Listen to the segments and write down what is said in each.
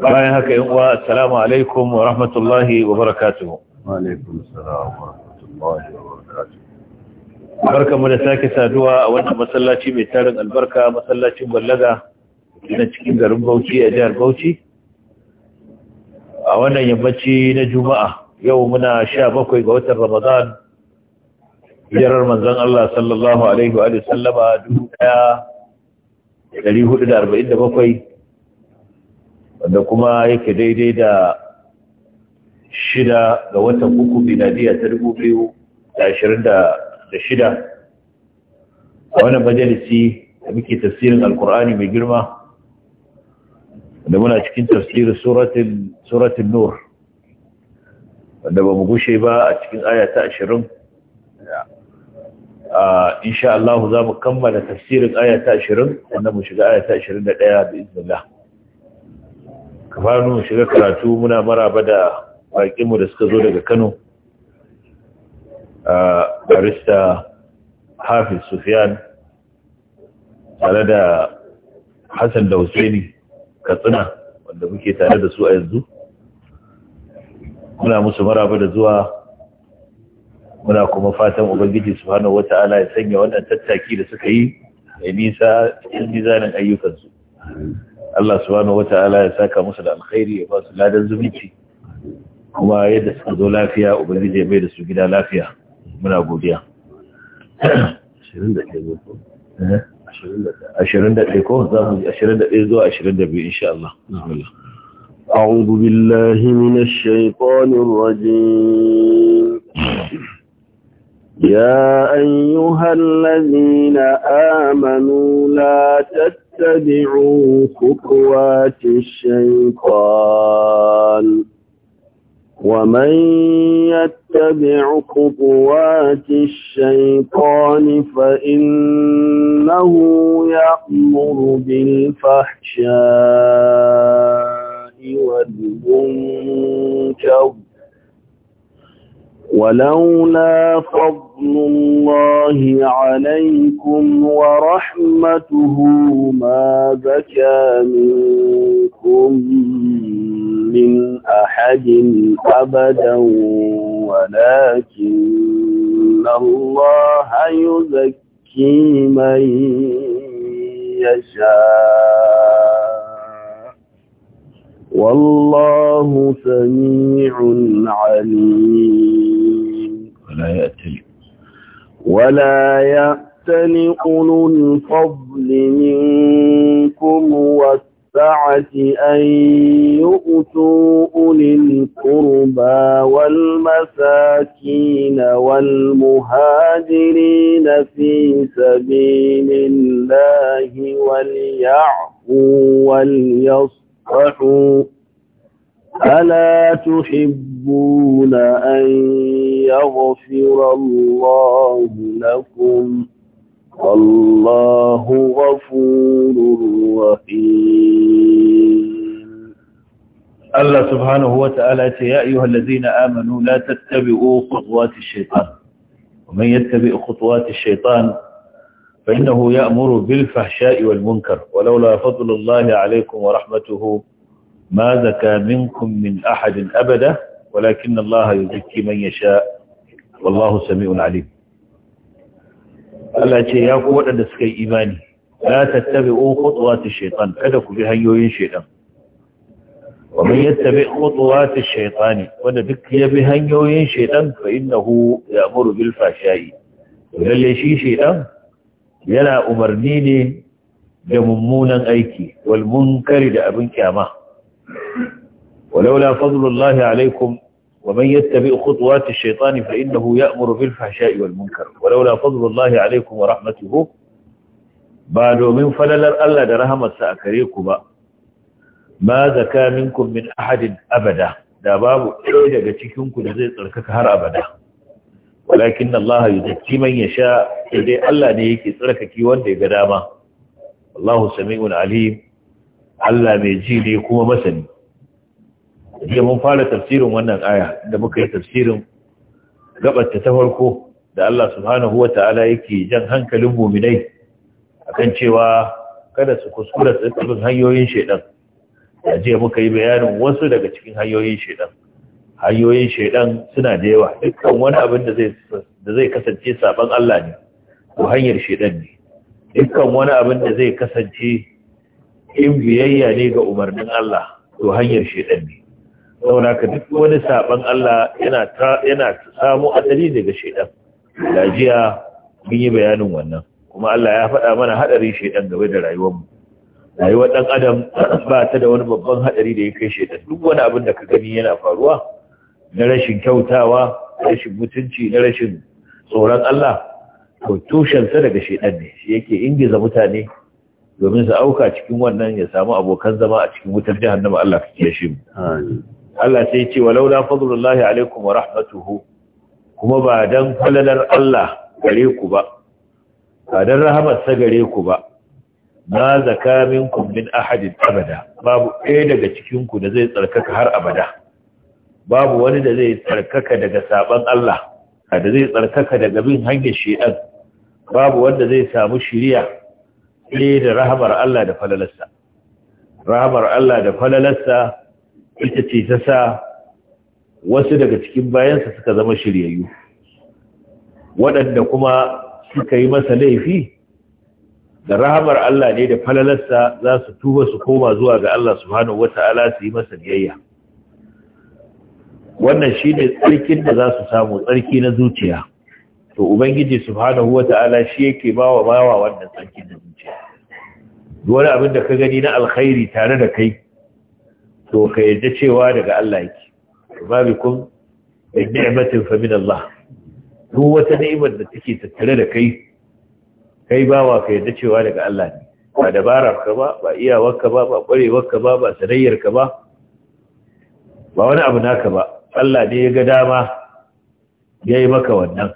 bayan haka yin uwa assalamu alaikum wa rahmatullahi wa barakatuhu wa alaikum assalam wa rahmatullahi wa barakatuhu barkamu da sake saduwa a wannan masallaci mai tarin albarka masallacin ballaga na cikin garin Bauchi a jihar Bauchi a wannan yammaci na Juma'a yau muna sha bakwai ga watan Ramadan hijirar manzan Allah sallallahu alaihi wa sallama 1447 wanda kuma yake daidai da shida ga watan uku miladiya ta dubu biyu da ashirin da shida a wannan majalisi da muke tafsirin alkur'ani mai girma wanda muna cikin tafsirin suratun nur wanda ba mu gushe ba a cikin aya ta ashirin insha Allah za mu kammala tafsirin aya ta ashirin wanda mu shiga aya ta ashirin da ɗaya da izinillah kafanu shiga karatu muna maraba da bakinmu da suka zo daga Kano a ah, barista Hafiz Sufyan tare da Hassan da Husaini Katsina wanda muke tare da su a yanzu muna musu maraba da zuwa muna kuma fatan Ubangiji Subhanahu wata'ala ya sanya wannan tattaki da suka yi mai nisa cikin mizanin ayyukansu Allah subhanahu wata'ala ya saka musu da alkhairi ya ba su ladan zumunci kuma yadda suka zo lafiya ubangiji ya mai da su gida lafiya muna godiya 21 eh? ko za mu 21 zuwa 22 insha Allah أعوذ بالله من الشيطان الرجيم يا أيها الذين آمنوا لا تتبعوا اتبعوا خطوات الشيطان ومن يتبع خطوات الشيطان فإنه يأمر بالفحشاء والمنكر ولولا فضل الله عليكم ورحمته ما بكى منكم من أحد أبدا ولكن الله يزكي من يشاء والله سميع عليم ولا يأتل ولا يأتل أولو الفضل منكم والسعة أن يؤتوا أولي القربى والمساكين والمهاجرين في سبيل الله وليعفوا وليصفحوا ألا تحبون أن يغفر الله لكم والله غفور رحيم الله سبحانه وتعالى يا أيها الذين آمنوا لا تتبعوا خطوات الشيطان ومن يتبع خطوات الشيطان فإنه يأمر بالفحشاء والمنكر ولولا فضل الله عليكم ورحمته ما زكى منكم من أحد أبدا ولكن الله يزكي من يشاء والله سميع عليم Allah ce ya ku waɗanda suka yi imani la tattabi'u khutuwati shaytan kada ku bi hanyoyin shaytan ya man yattabi khutuwati shaytani wanda duk ya bi hanyoyin shaytan fa ya muru bilfa shayi. lalle shi shaytan yana umarni ne da mummunan aiki wal da abin kyama ولولا فضل الله عليكم ومن يتبع خطوات الشيطان فإنه يأمر بالفحشاء والمنكر ولولا فضل الله عليكم ورحمته بعد من فلل الله درهم السأكريكم ما, ما زكى منكم من أحد أبدا داباب إيجا جتكمكم جزيز لكك هر أبدا ولكن الله يزكي من يشاء إذا الله نيكي تركك وانده قداما الله سميع عليم الله ميجي ليكم مسني Jiya mun fara tafsirin wannan aya da muka yi tafsirin gabata ta farko da Allah subhanahu wa ta'ala yake jan hankalin muminai akan cewa kada su kuskura tsibin hanyoyin shaidan da je muka yi bayanin wasu daga cikin hanyoyin shaidan hanyoyin shaidan suna da yawa dukkan wani abin da zai kasance saban Allah ne ko hanyar shaidan ne dukkan wani abin da zai kasance in biyayya ne ga umarnin Allah to hanyar shaidan ne saboda duk wani sabon Allah yana ta yana samu asali daga shaidan lajiya mun yi bayanin wannan kuma Allah ya faɗa mana haɗari shaidan game da rayuwarmu rayuwar dan adam ba ta da wani babban hadari da ya kai shaidan, duk wani abin da ka gani yana faruwa na rashin kyautawa rashin mutunci na rashin tsoron Allah to tushensa daga shaidan ne shi yake ingiza mutane domin su auka cikin wannan ya samu abokan zama a cikin wutar jihar Allah ka shi mu amin Allah sai ce walau la fadlullahi alaikum wa rahmatuhu kuma ba dan falalar Allah gare ku ba ba dan rahamar sa gare ku ba na zaka minkum min ahadin abada babu ɗaya daga cikin ku da zai tsarkaka har abada babu wani da zai tsarkaka daga saban Allah da zai tsarkaka daga bin hanyar shedan babu wanda zai samu shiriya ne da rahamar Allah da falalarsa rahamar Allah da falalarsa ita ce ta sa wasu daga cikin bayansa suka zama shiryayyu waɗanda kuma suka yi masa laifi da rahamar Allah ne da falalarsa za su tuba su koma zuwa ga Allah subhanahu wata'ala su yi masa biyayya wannan shi ne tsarkin da za su samu tsarki na zuciya to ubangiji subhanahu wata'ala shi yake bawa bawa wannan tsarkin na zuciya wani abin da ka gani na alkhairi tare da kai to ka yadda cewa daga Allah yake babikum bi ni'matin fa min Allah duk wata ni'imar da take tattare da kai kai bawa ka yadda cewa daga Allah ne ba dabarar ka ba ba iyawar ka ba ba kwarewar ka ba ba sanayyar ka ba ba wani abu naka ba Allah ne ya ga dama ya yi maka wannan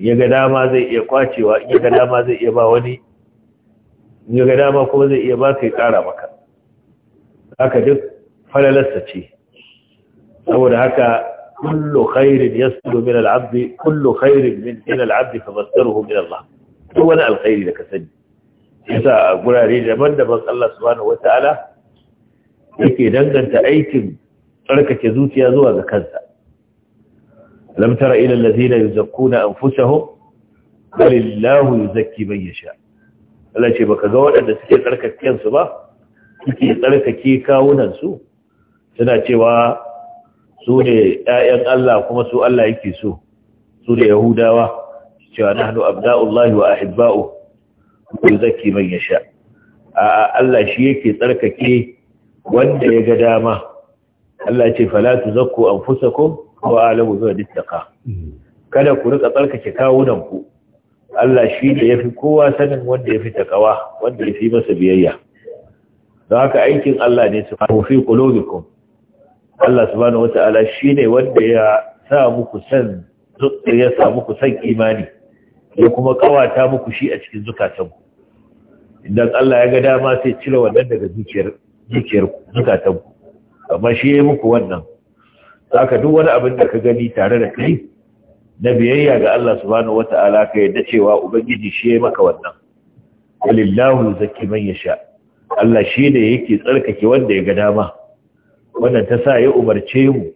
ya ga dama zai iya kwacewa ya ga dama zai iya ba wani ya ga dama kuma zai iya ba ka ya maka haka duk falalarsa ce saboda haka kullu khairin yasulu min al-abd kullu khairin min ila al-abd famastaruhu min Allah duk wani alkhairi da ka sani yasa a gurare daban-daban Allah subhanahu wataala yake danganta aikin tsarkake zuciya zuwa ga kansa lam tara ila allazina yuzakkuna anfusahum balillahu yuzakki man yasha Allah ce baka ga waɗanda suke tsarkake kansu ba suke tsarkake kawunansu suna cewa su ne ‘ya'yan Allah kuma su Allah yake so su ne Yahudawa cewa na hannu abda'ullahi wa ahibba'u ku zaki man ya sha a Allah shi yake tsarkake wanda ya ga dama Allah ce falatu zakku an fusa ko wa alamu zuwa dittaka kada ku rika tsarkake kawunanku Allah shi da ya fi kowa sanin wanda ya fi takawa wanda ya fi masa biyayya don haka aikin Allah ne su faru fi kulobikun Allah subhanahu wata'ala shine wanda ya sa muku san ya sa muku san imani ya kuma kawata muku shi a cikin zukatanku idan Allah ya ga dama sai cire wannan daga zukiyar zuciyarku zukatanku amma shi ya yi muku wannan Za ka duk wani abin da ka gani tare da kai na biyayya ga Allah wata wata'ala ka yadda cewa ubangiji shi ya yi maka wannan walillahu zakki man sha. Allah shi ne yake tsarkake wanda ya ga dama wannan ta sa ya umarce mu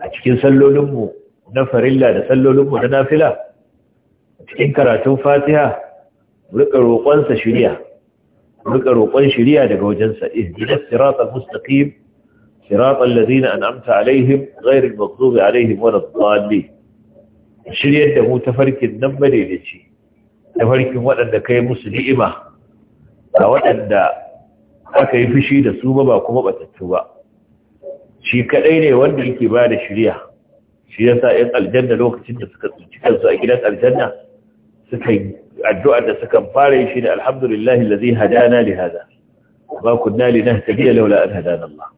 a cikin sallolinmu na farilla da sallolinmu na nafila a cikin karatun fatiha rika roƙonsa shirya rika roƙon shirya daga wajensa ihdinas siratal mustaqim siratal ladina an'amta alaihim ghairil maghdubi alaihim waladdallin shiryar da mu tafarkin nan madaidaici tafarkin waɗanda kai musu ni'ima ba waɗanda aka yi fushi da su ba ba kuma batattu ba shi kaɗai ne wanda yake ba da shirya shi ya sa yan aljanna lokacin da suka tsinci kansu a gidan aljanna suka yi addu'a da suka fara shi ne alhamdulillahi allazi hadana li hada ba kunna linahtadiya laula an hadana Allah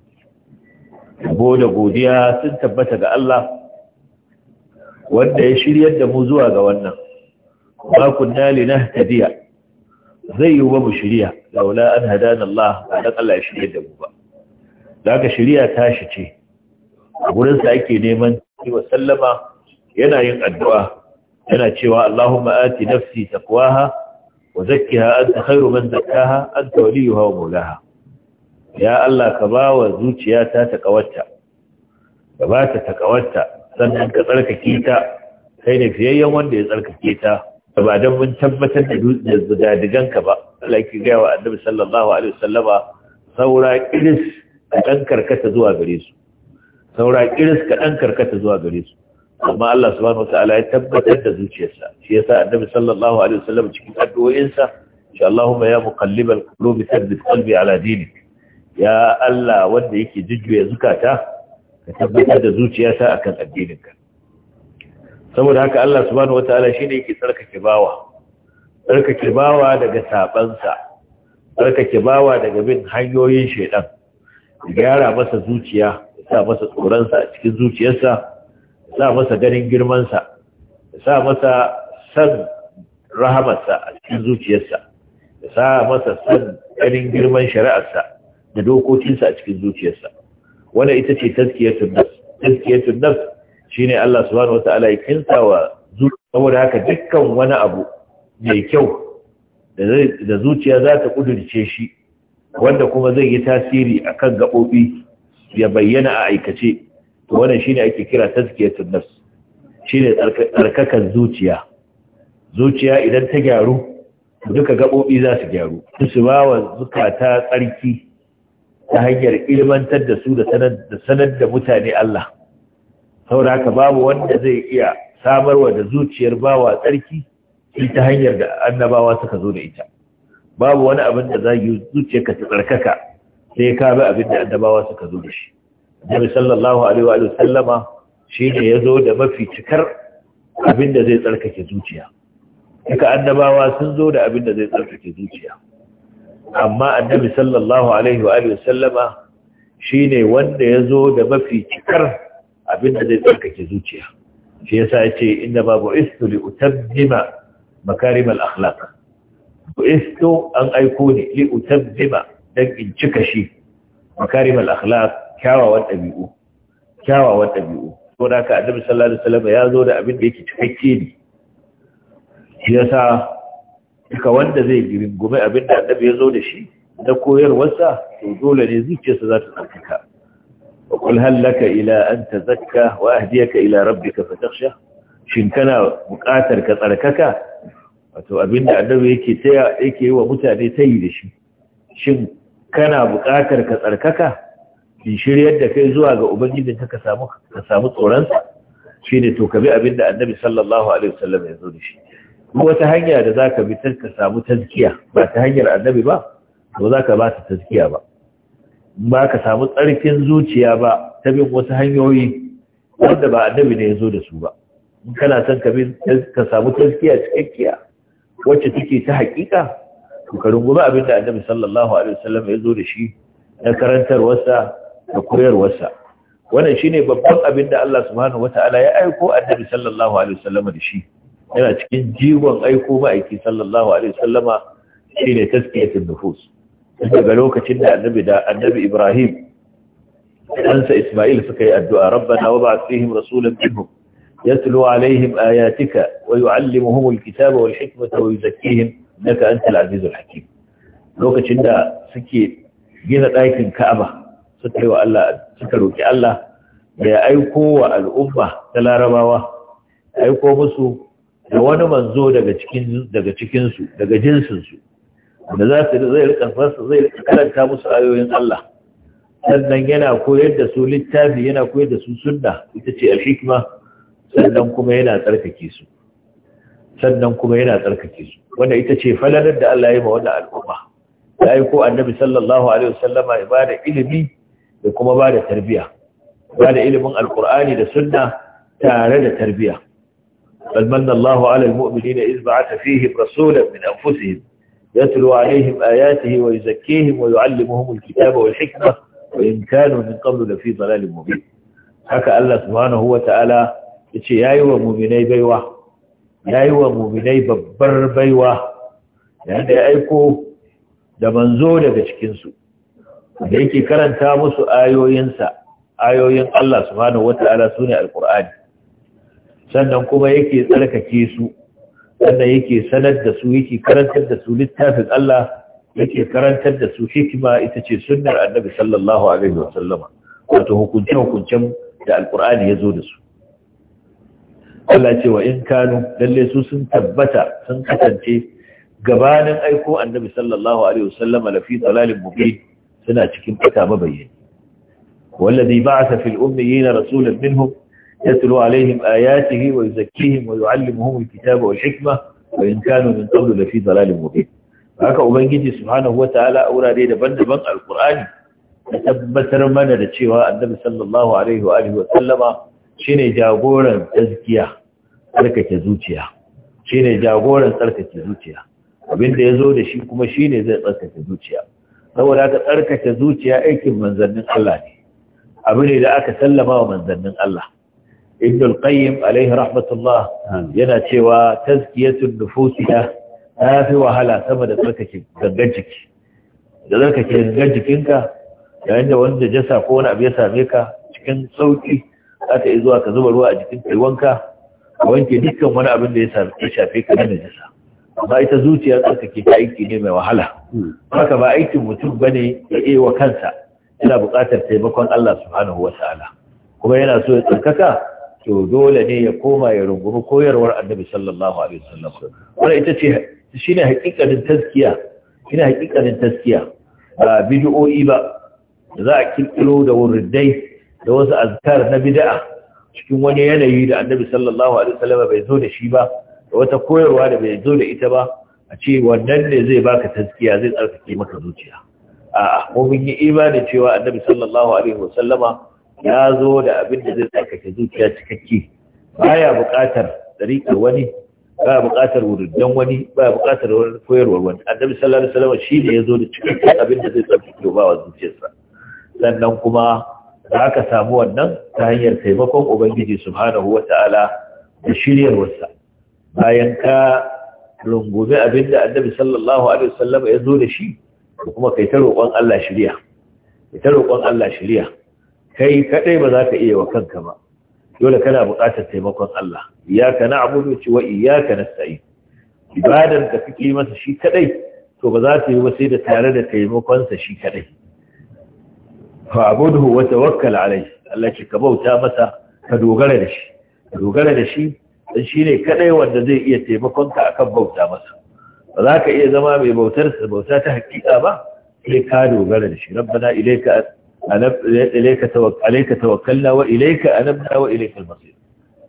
yabo da godiya sun tabbata ga Allah wanda ya shiryar da mu zuwa ga wannan ba kunna linahtadiya zai yi ba mu shirya laula an hadana Allah ba dan Allah ya shirya da mu ba da haka shirya tashi ce a gurin ake neman cewa sallama yana yin addu'a yana cewa Allahumma ati nafsi taqwaha wa zakkiha ta khairu man zakkaha anta waliyuha wa ha. ya Allah ka bawa zuciyata taqawarta ka ba ta taqawarta sannan ka tsarkake ta kai ne fiyayyen wanda ya tsarkake ta ba don mun tabbatar da zigadigan ka ba laiki gaya wa annabi sallallahu alaihi wasallama saura iris kaɗan karkata zuwa gare su saura iris kaɗan karkata zuwa gare su amma Allah subhanahu wataala ya tabbatar da zuciyarsa shi yasa annabi sallallahu alaihi wasallam cikin addu'o'insa insha Allahumma ya muqallibal qulubi thabbit qalbi ala dinik ya Allah wanda yake jujjuya zukata ka tabbatar da zuciyata akan ka. saboda haka Allah subhanahu wataala shine yake tsarkake bawa tsarkake bawa daga sabansa tsarkake bawa daga bin hanyoyin shaidan gyara masa zuciya sa masa tsoronsa a cikin zuciyarsa sa masa ganin girmansa sa masa san rahamarsa a cikin zuciyarsa sa masa san ganin girman shari'arsa da dokokinsa a cikin zuciyarsa wannan ita ce tazkiyatun nafs tazkiyatun nafs shine Allah subhanahu wata'ala ya kinsa wa saboda haka dukkan wani abu mai kyau da zuciya za ta kudurce shi wanda kuma zai yi tasiri a kan gaɓoɓi ya bayyana a aikace to shi shine ake kira tunas shi ne tsarkakan zuciya zuciya idan ta gyaru duka gaɓoɓi za su gyaru su ba wa zukata tsarki ta hanyar ilmantar da su da sanar da mutane Allah saboda haka babu wanda zai iya samarwa da zuciyar bawa tsarki ita hanyar da annabawa suka zo da ita babu wani abin da za yi zuciyarka ta tsarkaka sai ka bi abin da annabawa suka zo da shi Annabi sallallahu alaihi wa sallama shi ne ya zo da mafi cikar abin da zai tsarkake zuciya duka annabawa sun zo da abin da zai tsarkake zuciya amma annabi sallallahu alaihi wa sallama shi ne wanda ya zo da mafi cikar abin da zai tsarkake zuciya shi yasa ya ce inda ba istu li utammima makarim al-akhlaq istu an aiko ne li utammima dan in cika shi makarim al-akhlaq kyawawan dabi'u kyawawan dabi'u ko da ka annabi sallallahu alaihi wasallam ya zo da abin da yake cikakke ne shi yasa duka wanda zai girin gume abin da annabi ya zo da shi da koyarwarsa to dole ne zuciyarsa za ta tsarkaka وقل هل لك إلى أن تزكى وأهديك إلى ربك فتخشى shin kana buƙatar ka tsarkaka wato abinda annabi yake yi wa mutane tayi da shi shin kana buƙatar ka tsarkaka in shiryar da kai zuwa ga ubangijin ka samu ka samu tsoron sa shine to ka bi abinda annabi sallallahu alaihi wasallam ya zo da shi wata hanya da zaka bi ta ka samu tazkiya ba ta hanyar annabi ba to zaka ba ta tazkiya ba ba ka samu tsarkin zuciya ba ta bin wasu hanyoyi wanda ba annabi ne ya zo da su ba in kana son ka bin ka samu taskiya cikakkiya wacce take ta haƙiƙa to ka rungumi abin da annabi sallallahu alaihi wasallam ya zo da shi na wasa da wasa, wannan shine babban abin da Allah subhanahu wataala ya aiko annabi sallallahu alaihi wasallam da shi yana cikin jigon aiko ma'aiki sallallahu alaihi wasallama shine taskiyatul nufus daga lokacin da annabi da annabi Ibrahim ɗansa Ismail suka yi addu'a rabbana wa ba fihim rasulan minhum yatlu alaihim ayatika wa yu'allimuhum alkitaba wal hikmata wa yuzakkihim innaka antal azizul hakim lokacin da suke gina ɗakin Ka'aba suka yi wa Allah suka roki Allah ya aiko wa al'umma ta Larabawa aiko musu da wani manzo daga cikin daga cikin su daga jinsin su da za su zai rika zai rika karanta musu ayoyin Allah sannan yana koyar da su littafi yana koyar da su sunna ita ce al-hikma sannan kuma yana tsarkake su sannan kuma yana tsarkake su wanda ita ce falalar da Allah ya ma wannan al'umma ya yi ko annabi sallallahu alaihi wasallama ya ba da ilimi da kuma ba da tarbiyya ba da ilimin Alqur'ani da sunna tare da tarbiyya bal manna Allahu ala al-mu'minina iz ba'atha fihim rasulan min anfusihim يتلو عليهم آياته ويزكيهم ويعلمهم الكتاب والحكمة وإن كانوا من قبل لفي ضلال مبين haka Allah subhanahu wata'ala yace yayi wa mu'minai baiwa yayi wa mu'minai babbar baiwa yanda ya aiko da manzo daga cikin su da yake karanta musu ayoyinsa ayoyin Allah subhanahu wata'ala sune alqur'ani sannan kuma yake tsarkake su wanda yake sanar da su yake karantar da su littafin Allah yake karantar da su hikima ita ce sunnar annabi sallallahu alaihi wasallama wato hukunce-hukuncen da alkur'ani ya zo da su Allah ce wa in kanu lalle su sun tabbata sun kasance gabanin aiko annabi sallallahu alaihi wasallama lafi dalalin mubin suna cikin fata mabayyani wallazi ba'atha fil ummiyina rasulan minhum يتلو عليهم آياته ويزكيهم ويعلمهم الكتاب والحكمة وإن كانوا من قبل لفي ضلال مبين haka ubangiji subhanahu wataala a wurare daban-daban alkur'ani da tabbatar mana da cewa annabi sallallahu alaihi wa alihi wa sallama shine jagoran tazkiya zuciya abinda da shi kuma shine zai tsarkake zuciya saboda aka tsarkace zuciya aikin manzannin Allah ne abu ne da aka sallama wa manzannin Allah ibn al-qayyim alaihi rahmatullah yana cewa tazkiyatun nufusiya ta fi wahala sama da tsarkake gangan jiki da tsarkake gangan jikinka yayin da wanda jasa ko wani abu ya same ka cikin sauki za ka zuwa ka zuba ruwa a jikin kai wanka ka wanke dukkan wani abin da ya shafe ka da najasa amma ita zuciya tsarkake ta aiki ne mai wahala haka ba aikin mutum bane ya iya wa kansa yana buƙatar taimakon Allah subhanahu wa ta'ala kuma yana so ya tsarkaka to dole ne ya koma ya rungumi koyarwar annabi sallallahu alaihi wasallam wannan ita ce shine hakikanin taskiya shine hakikanin taskiya ba bid'o'i ba za a kirkiro da wurdai da wasu azkar na bid'a cikin wani yanayi da annabi sallallahu alaihi wasallam bai zo da shi ba da wata koyarwa da bai zo da ita ba a ce wannan ne zai baka taskiya zai tsarkake maka zuciya a'a mun yi imani cewa annabi sallallahu alaihi wasallama ya zo da abin da zai tsarkake zuciya cikakke baya buƙatar dariƙar wani ba ya buƙatar wuruddan wani ba ya buƙatar wani koyarwar wani annabi sallallahu alaihi wasallam shi ne ya zo da cikakken abin da zai tsarkake ba wa zuciyarsa sannan kuma za ka samu wannan ta hanyar taimakon ubangiji subhanahu wata'ala da shiryarwarsa bayan ka rungumi abin da annabi sallallahu alaihi wasallam ya zo da shi kuma kai ta roƙon Allah shirya kai ta roƙon Allah shirya kai kadai ba za ka iya wa kanka ba dole kana buƙatar taimakon Allah na iyyaka na'budu wa na sayi ibadan da kake masa shi kadai to ba za ta yi ba sai da tare da taimakon sa shi kadai fa abudu wa tawakkal alai, Allah ce ka bauta masa ka dogara da shi dogara da shi dan shine kadai wanda zai iya taimakon ka akan bauta masa ba za ka iya zama mai bautar bauta ta hakika ba sai ka dogara da shi rabbana ilayka إليك توكلنا عليك توكلنا وإليك أنبنا وإليك المصير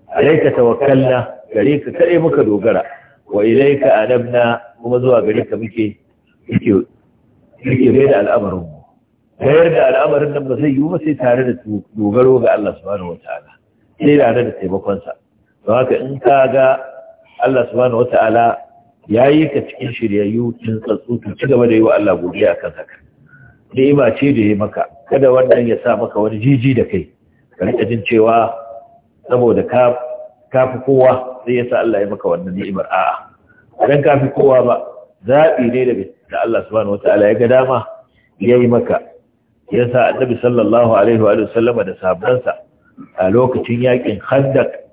عليك توكلنا gare ka kare muka dogara wa ilaika anabna kuma zuwa gare ka muke muke muke mai da al'amarin mu bayar da al'amarin nan ba zai yi ba sai tare da dogaro ga Allah subhanahu wataala sai tare da taimakon sa don haka in ka ga Allah subhanahu wataala yayi ka cikin shiryayyu tun tsatsu ci gaba da yi wa Allah godiya akan haka ni'ima ce da ya maka kada wannan ya sa maka wani jiji da kai ka jin cewa saboda ka kafi kowa sai ya sa Allah ya maka wannan ni'imar a'a dan kafi kowa ba zabi ne daga da Allah subhanahu wataala ya ga dama yayi maka ya sa annabi sallallahu alaihi wa sallam, da sahabbansa a lokacin yakin khandaq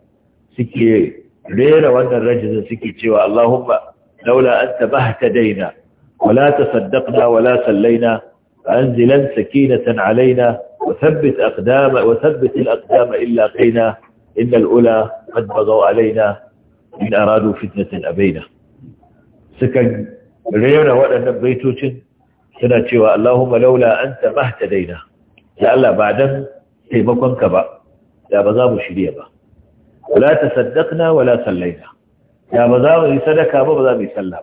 suke rera wannan rajizin suke cewa Allahumma laula anta bahtadaina wala tasaddaqna wala sallaina أنزلا سكينة علينا وثبت أقدام وثبت الأقدام إن قينا إن الأولى قد بغوا علينا إن أرادوا فتنة أبينا سكن ريونا وأنا بيتوت سنتي اللهم لولا أنت ما اهتدينا يا الله بعدا في مكان كبا يا بزام شريبا ولا تصدقنا ولا صلينا يا بزام يصدق أبو بزام يسلم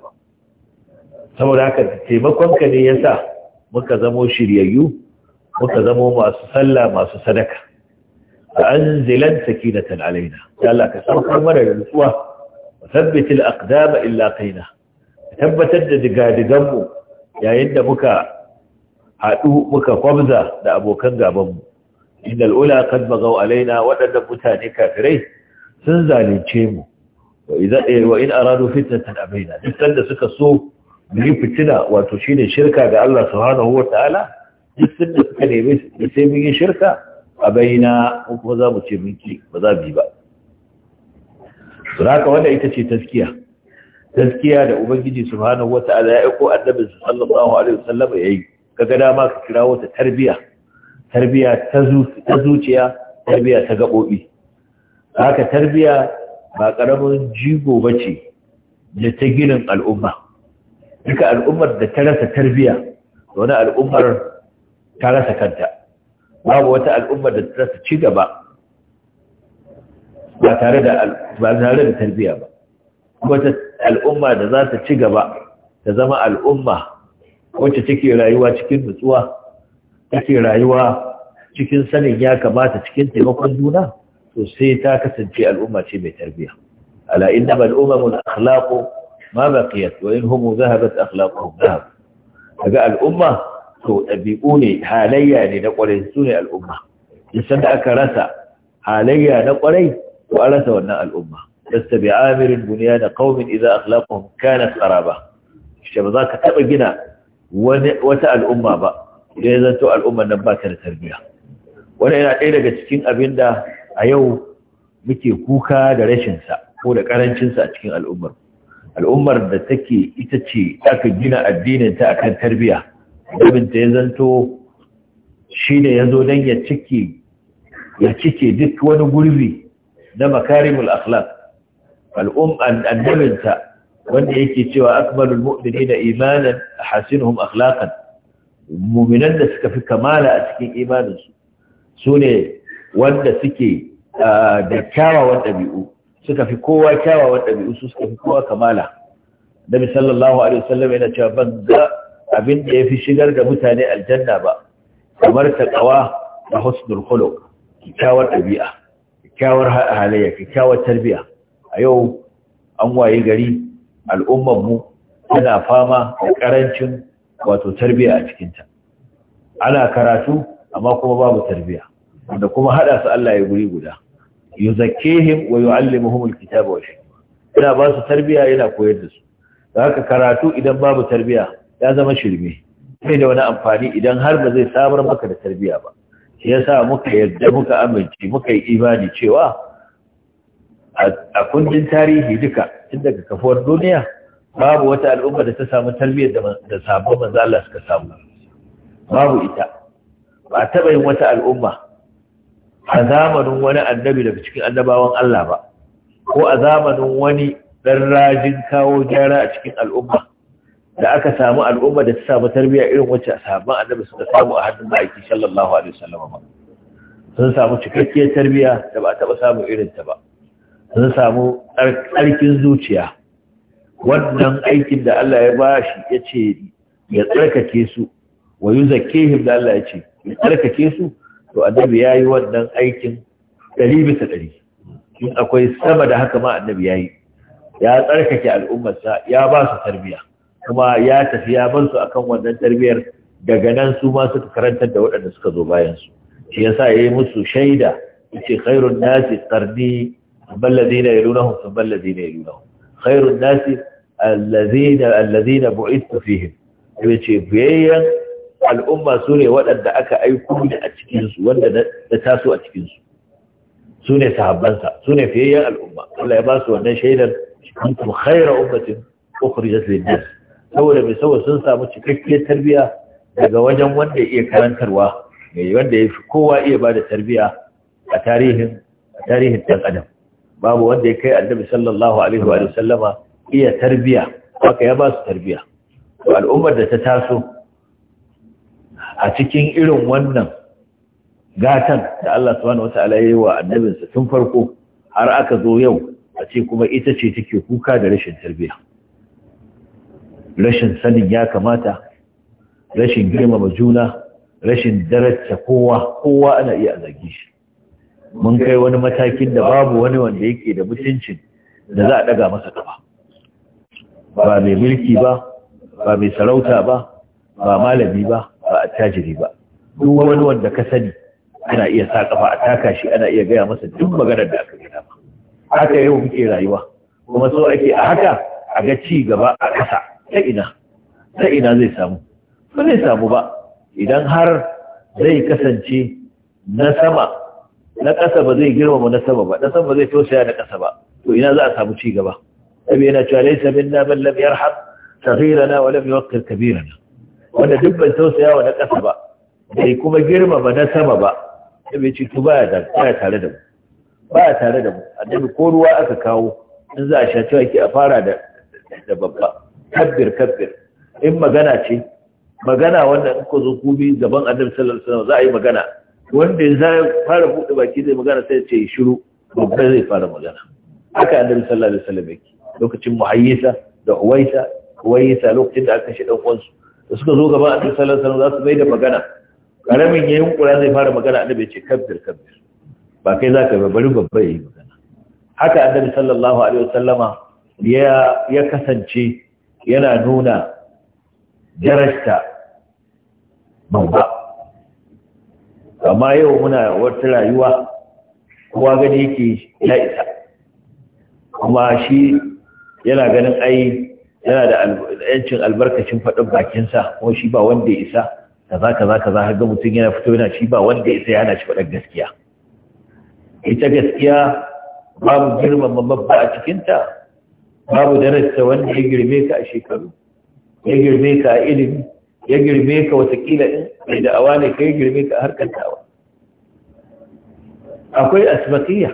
سمو لك في مكان كنيسا muka zamo shiryayyu muka zamo masu sallah masu sadaka fa anzilan sakinatan alaina ya Allah ka saukar mana da nutsuwa wa thabbitil aqdama illa qaina tabbatar da digadigan mu yayin da muka haɗu muka kwabza da abokan gaban mu innal ula qad alaina waɗannan mutane kafirai sun zalunce mu wa in aradu fitnatan abaina duk sanda suka so da yi fitina wato shi ne shirka da Allah subhanahu wa ta'ala duk sun da suka nemi da sai mun yi shirka a bayyana ko kuma za mu ce mun ba za bi ba suraka wanda ita ce taskiya taskiya da ubangiji subhanahu wa ta'ala ya aiko annabi sallallahu alaihi wasallam yayi kaga dama ka kira wata tarbiya ta zuciya tarbiyya ta gaɓoɓi. haka tarbiya ba ƙaramin jigo bace da ta ginin al'umma duka al'ummar da ta rasa tarbiya wani al'ummar ta rasa kanta babu wata al'ummar da ta rasa ci gaba ba tare da ba tarbiya ba wata al'umma da za ta ci gaba ta zama al'umma wacce take rayuwa cikin nutsuwa take rayuwa cikin sanin ya kamata cikin taimakon juna to sai ta kasance al'umma ce mai tarbiya ala inna al mun al-akhlaqu ma baqiyat wa in hum zahabat akhlaquhum zahab kaga al'umma to dabi'u ne halayya ne na kwarai sune ne al'umma yasan da aka rasa halayya na kwarai to an rasa wannan al'umma lasta bi amirin bunyan qaumin idza akhlaquhum kanat qaraba shi ba za ka taɓa gina wata al'umma ba idan zanto al'umman nan ba ta da tarbiyya wannan yana ɗaya daga cikin abin da a yau muke kuka da rashinsa ko da ƙarancinsa a cikin al'ummar al'ummar da take ita ce aka gina addininta ta akan tarbiya dabinta ya zanto shi ne ya zo don ya cike duk wani gurbi na makarimul akhlaq al'umman annabinta wanda yake cewa akmalul mu'minina imanan hasinuhum akhlaqan mu'minan da suka fi kamala a cikin imaninsu su ne wanda suke ah, da kyawawan ɗabi'u suka fi kowa kyawawan ɗabi'u su suka fi kowa kamala nabi sallallahu alaihi wasallam yana cewa ban ga abin da ya fi shigar da mutane aljanna ba kamar taqwa da husnul khuluq kyawar ɗabi'a kyawar halayya kyawar tarbiya a yau an waye gari al'ummar mu tana fama da karancin wato tarbiya a cikinta ana karatu amma kuma babu tarbiya da kuma hada su Allah ya guri guda yuzakkihim wa yu'allimuhum alkitaba wa shikma ina ba su tarbiya yana koyar da su da haka karatu idan babu tarbiya ya zama shirme sai da wani amfani idan har ba zai samar maka da tarbiya ba shi yasa muka yarda muka amince muka yi imani cewa a kundin tarihi duka tun daga kafuwar duniya babu wata al'umma da ta samu tarbiyyar da sabon manzo Allah suka samu babu ita ba taɓa yin wata al'umma a zamanin wani annabi daga cikin annabawan Allah ba ko a zamanin wani dan rajin kawo gyara a cikin al'umma da aka samu al'umma da ta samu tarbiyya irin wacce sahabban annabi suka samu a hannun ma'aiki sallallahu alaihi wasallam ba sun samu cikakkiyar tarbiyya da ba a taɓa samu irin ta ba sun samu tsarkin zuciya wannan aikin da Allah ya ba shi ya ce ya tsarkake su wa yuzakkihim da Allah ya ce ya tsarkake su to annabi ya yi wannan aikin ɗari bisa ɗari in akwai sama da haka ma annabi ya yi ya tsarkake al'ummarsa ya ba su tarbiyya kuma ya tafi ya bar su akan wannan tarbiyyar daga nan su ma suka karantar da waɗanda suka zo bayan su shi yasa yayi musu shaida yace khairun nasi qarni bal ladina yalunahum fa bal ladina yalunahum khairun nasi alladhina alladhina bu'ithu fihim yace biyayyan al'umma su ne waɗanda aka aiko ne a cikinsu wanda da taso a cikinsu su ne sahabbansa su ne fiyayyen al'umma Allah ya ba su wannan shaidar kuntum khaira ummatin ukhrijat lin-nas saboda mai saboda sun samu cikakkiyar tarbiya daga wajen wanda ya iya karantarwa mai wanda ya fi kowa iya ba da tarbiya a tarihin tarihin ɗan adam babu wanda ya kai annabi sallallahu alaihi wa sallama iya tarbiya haka ya ba su tarbiya to al'ummar da ta taso a cikin irin wannan gatan da Allah subhanahu wata'ala ya yi wa annabinsa tun farko har aka zo yau a ce kuma ita ce take kuka da rashin tarbiy'a rashin sanin ya kamata rashin girmama juna rashin daraja kowa kowa ana iya zage shi mun kai wani matakin da babu wani wanda yake da mutuncin da za a daga masa kafa ba mai mulki ba ba mai sarauta ba ba malami ba ba attajiri ba duk wani wanda ka sani ana iya sa kafa a taka shi ana iya gaya masa duk maganar da aka gina ba haka yau muke rayuwa kuma so ake a haka a ga ci gaba a ƙasa ta ina ta ina zai samu ba zai samu ba idan har zai kasance na sama na ƙasa ba zai girmama na sama ba na sama ba zai tosaya na ƙasa ba to ina za a samu ci gaba sabi yana cewa laisa minna man lam yarham saghirana wa lam yuwaqqir kabirana wanda duk ban tausaya wa na ƙasa ba bai kuma girmama na sama ba sai bai ci to baya tare da mu baya tare da mu annabi ko ruwa aka kawo in za a sha cewa ki a fara da da babba kabbir kabbir in magana ce magana wannan in ku zo ku bi gaban annabi sallallahu alaihi wasallam za a yi magana wanda ya fara buɗe baki zai magana sai ya ce shiru babba zai fara magana haka annabi sallallahu alaihi wasallam yake lokacin muhayyisa da uwaisa huwaisa lokacin da aka shi dan uwansu da suka zo gaba a cikin alaihi za su mai da magana karamin yayin ƙura zai fara magana ɗabe ce kabbir kabbir ba kai zaka ba babbar babba yayi magana haka annabi sallallahu alaihi wasallama ya ya kasance yana nuna darasta babba amma yau muna wata rayuwa kowa gani yake ya isa kuma shi yana ganin ai yana da yancin albarkacin faɗin bakinsa ko shi ba wanda ya isa za ka za har ga mutum yana fito yana shi ba wanda ya isa ya hana shi faɗin gaskiya ita gaskiya babu mamman ba a cikinta babu darasta wanda ya girme ka a shekaru ya girme ka a ilimi ya girme ka watakila ɗin mai da'awa ne ka ya girme ka a harkar tawa. akwai asbaqiya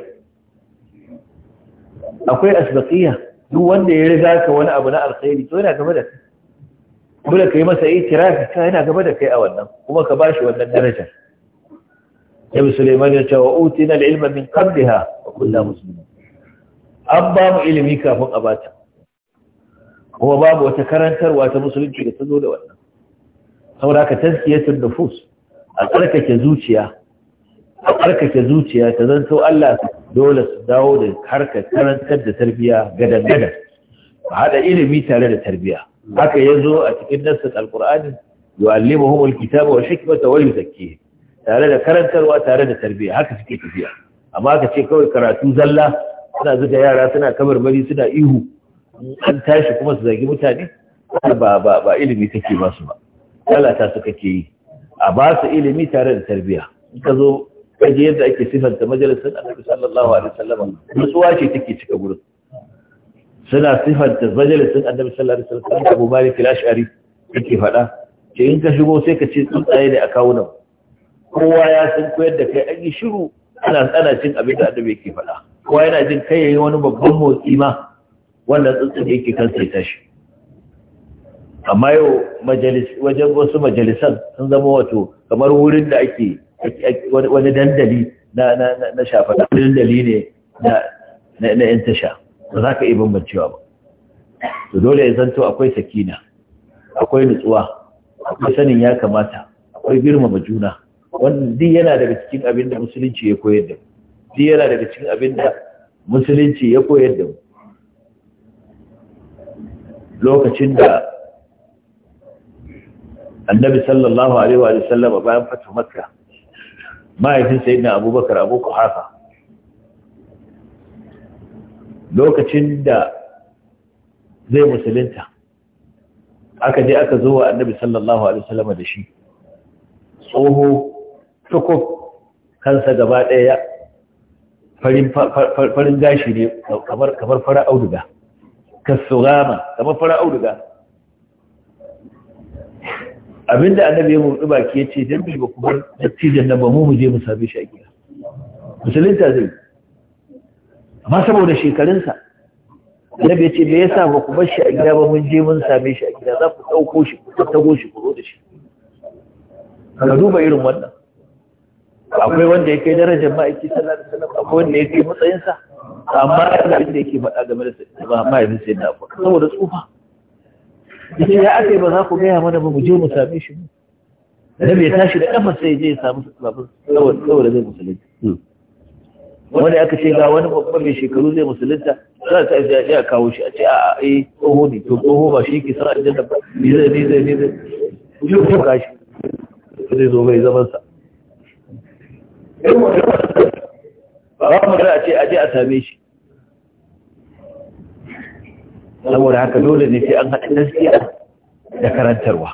akwai asbaqiya duk wanda ya riga ka wani abu na alkhairi to yana gaba da kai dole kai masa itirafi ka yana gaba da kai a wannan kuma ka bashi wannan daraja Nabi Suleiman ya ce wa utina al'ilma min qablha wa kullu muslimin an ba mu ilimi kafin a bata kuma babu wata karantarwa ta musulunci da ta zo da wannan saboda ka tazkiyatul nufus a tsarkake zuciya a karkace zuciya ta zanto Allah dole su dawo da harkar karantar da tarbiya gadan gadan a haɗa ilimi tare da tarbiya haka ya zo a cikin nassin alkur'ani yu'allimuhum alkitaba wal hikmata wal yuzakkihim tare da karantarwa tare da tarbiya haka suke tafiya amma ka ce kawai karatu zalla suna zuga yara suna mari, suna ihu an tashi kuma su zagi mutane ba ba ba ilimi ba su ba lalata su kake yi a ba su ilimi tare da tarbiyya. ka zo kaje yadda ake sifanta majalisar annabi sallallahu alaihi wasallam nutsuwa ce take cika gurin suna sifanta majalisar annabi sallallahu alaihi wasallam Abu Malik al-Ash'ari yake faɗa ce in ka shigo sai ka ce tsuntsaye ne a kawunan kowa ya san koyar da kai an yi shiru ana tsana cin abin da annabi yake faɗa kowa yana jin kai yayi wani babban motsi ma wannan tsuntsun yake kansa ya tashi amma yau wajen wasu majalisan sun zama wato kamar wurin da ake wani dandali na shafa da dandali ne na yan tasha ba za ka iya bambancewa ba to dole ya zanto akwai sakina akwai nutsuwa akwai sanin ya kamata akwai girmama juna wannan yana daga cikin abin da musulunci ya koyar da mu yana daga cikin abin da musulunci ya koyar da mu lokacin da annabi sallallahu alaihi wa sallam bayan fatu makka mahaifin sayyidina abubakar abu kuhafa lokacin da zai musulunta aka je aka zo wa annabi sallallahu alaihi da shi tsoho tukuf kansa gaba ɗaya farin gashi ne kamar fara auduga kasugama kamar fara auduga abinda annabi ya mutu baki ya ce dan ba ku bar dattijan nan ba mu mu je mu same shi a gida musulunta zai amma saboda shekarunsa annabi ya ce me yasa ba ku bar shi a gida ba mun je mun same shi a gida za ku ɗauko shi ku tattago shi ku zo da shi ka duba irin wannan akwai wanda ya kai darajar ma'aiki sallallahu alaihi wasallam akwai wanda ya kai matsayinsa amma abin da yake faɗa game da mahaifinsa yana saboda tsufa yace ya ake ba za ku gaya mana ba mu je mu same shi ne? annabi ya tashi da kafa sai je ya samu babban saboda zai musulunta hmm. wanda aka ce ga wani babban mai shekaru zai musulunta za ta yi ya kawo shi a ce a a eh tsoho ne to tsoho ba shi ke sana da ba ni zai ni zai ni zai ka shi zai zo mai zaman sa ba mu da a ce a je a same shi saboda haka dole ne sai an haɗa gaskiya da karantarwa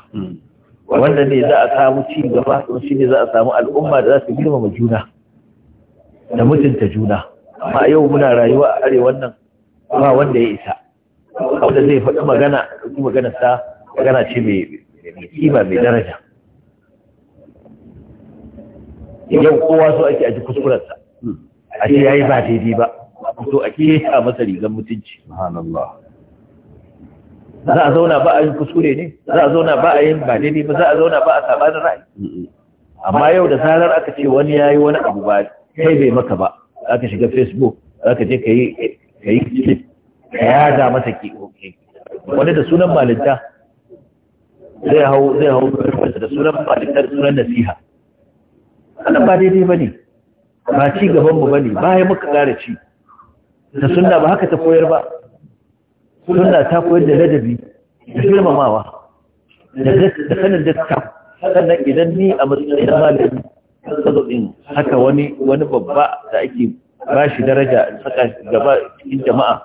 wanda ne za a samu ci gaba don shi ne za a samu al'umma da za su girmama juna da mutunta juna amma yau muna rayuwa a arewan nan ba wanda ya isa wanda zai faɗi magana ko magana sa magana ce mai kima mai daraja yau kowa so ake aji kuskurensa a ce yi ba daidai ba so a masa rigar mutunci subhanallah za a zauna ba a yin kuskure ne za a zauna ba a yin ba daidai ba za a zauna ba a sabanin ra'ayi amma yau da zarar aka ce wani ya yi wani abu ba kai bai maka ba aka shiga facebook aka je ka yi ka yi ka yada masa ki wani da sunan malinta zai hau zai hau da sunan malinta da sunan nasiha wannan ba daidai ba ne ba ci gaban mu ba ne ba ya muka ƙara ci da sunna ba haka ta koyar ba sunna ta koyar da ladabi da girmamawa da sanin gaskiya sannan idan ni a matsayin malami din haka wani wani babba da ake ba shi daraja saka gaba cikin jama'a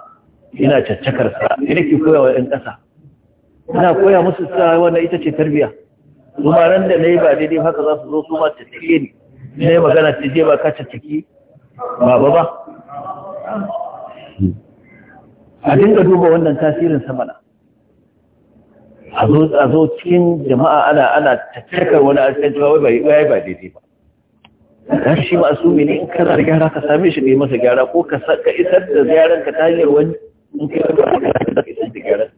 ina caccakar sa ina ke koyawa wa 'yan ƙasa ina koya musu sa wannan ita ce tarbiyya. Suma ran da nayi ba daidai haka za su zo su ma ta ne ni yi magana ce je ba ka caccaki ba ba ba a dinga duba wannan tasirin na a zo cikin jama'a ana ana tattakar wani asirin cewa wai ba ba daidai ba kan shi ma'asumi ne in ka da gyara ka same shi ne masa gyara ko ka isar da gyaran ka ta hanyar wani in kai wani ka isar da gyaran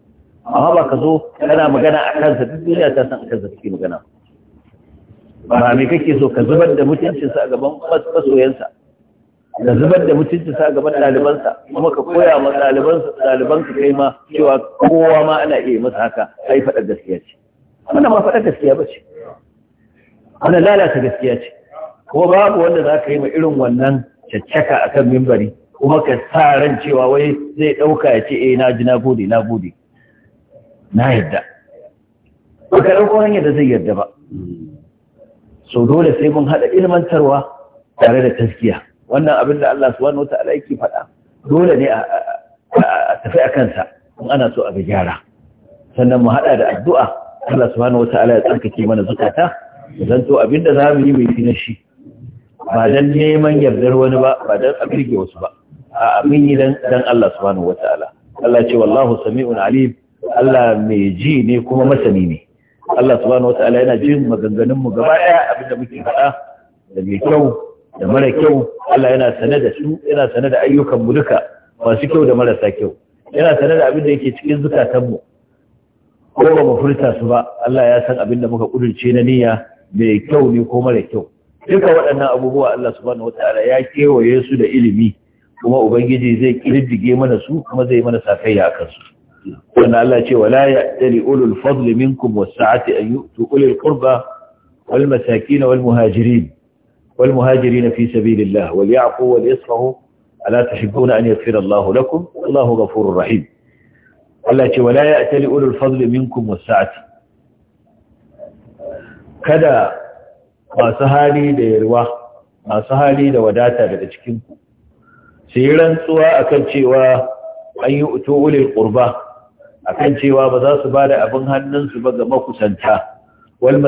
amma ba ka zo kana magana a kansa duk duniya ta san a kansa kake magana ba me kake so ka zubar da mutuncinsa a gaban masoyansa da zubar da mutunci sa gaban ɗalibansa kuma ka koya ma ɗalibansa kai ma cewa kowa ma ana iya masa haka ai faɗar gaskiya ce wannan ma faɗar gaskiya ba ce lalata gaskiya ce kuma babu wanda za ka yi ma irin wannan caccaka a kan mimbari kuma ka sa ran cewa wai zai ɗauka ya ce eh na ji na gode na gode na yarda ba ka ɗauko hanyar da zai yarda ba so dole sai mun haɗa ilmantarwa tare da taskiya wannan abin da Allah subhanahu wata'ala yake faɗa dole ne a tafi a kansa in ana so a bi gyara sannan mu haɗa da addu'a Allah subhanahu wata'ala ya tsarkake mana zukata zanto abin da za mu yi mai fi na shi ba don neman yardar wani ba ba don abirge wasu ba a abin yi don Allah subhanahu wata'ala Allah ce wallahu sami'un alim Allah mai ji ne kuma masani ne Allah subhanahu wata'ala yana jin maganganun mu gaba ɗaya abin da muke faɗa da mai kyau da mara kyau Allah yana sane da su yana sane da ayyukan mu duka masu kyau da marasa kyau yana sane da abin da yake cikin zukatan mu ko ba mu furta su ba Allah ya san abin da muka kudurce na niyya mai kyau ne ko mara kyau duka waɗannan abubuwa Allah subhanahu wataala ya kewaye su da ilimi kuma ubangiji zai kirdige mana su kuma zai mana sakayya akan su wannan Allah ce wala ya'tali ulul fadl minkum was-sa'ati an yu'tu ulil qurba wal masakin wal muhajirin والمهاجرين في سبيل الله وليعفوا وليصفحوا ألا تحبون أن يغفر الله لكم والله غفور رحيم التي ولا يأتل أولو الفضل منكم والسعة kada masu hali da yarwa masu hali da wadata daga cikinku su yi rantsuwa akan cewa an yi uto ulil qurba akan cewa ba za su ba da abin hannunsu ba ga makusanta wal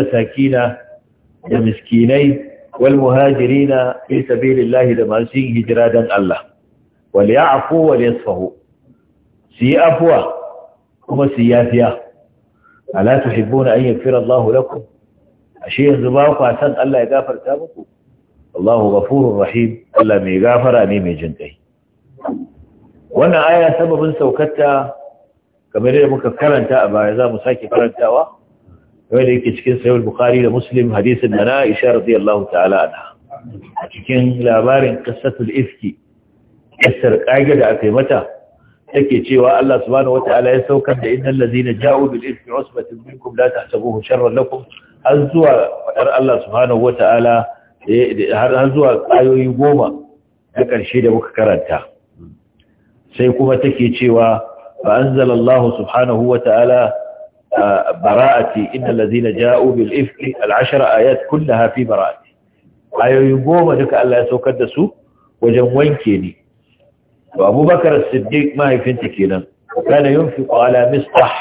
da miskinai wal muhajirina fi sabilillahi da masu yin hijira dan Allah afu ya'fu ya yasfahu su yi afuwa kuma su yafiya ala tuhibbuna an yaghfira Allahu lakum ashe yanzu ba ku san Allah ya gafarta muku Allahu ghafurur rahim Allah mai gafara ne mai jin kai wannan aya sababin saukarta kamar yadda muka karanta a baya za mu sake karantawa wanda yake cikin sahih bukhari da muslim hadisin da Aisha radiyallahu ta'ala a cikin labarin qissatul ifki kissar kage da aka yi mata take cewa Allah subhanahu wataala ya saukar da inna ladina ja'u bil ifki usbatun minkum la tahsabuhu sharran lakum har zuwa fadar Allah subhanahu wataala har zuwa ayoyi goma a ƙarshe da muka karanta sai kuma take cewa fa anzalallahu subhanahu wataala bara'ati innal ladhina ja'u bil ifki al ashra ayat kullaha fi bara'ati ayoyi goma duka Allah ya saukar da su wajen wanke ni to Abubakar mahaifinta kenan kana yunfiqu ala mistah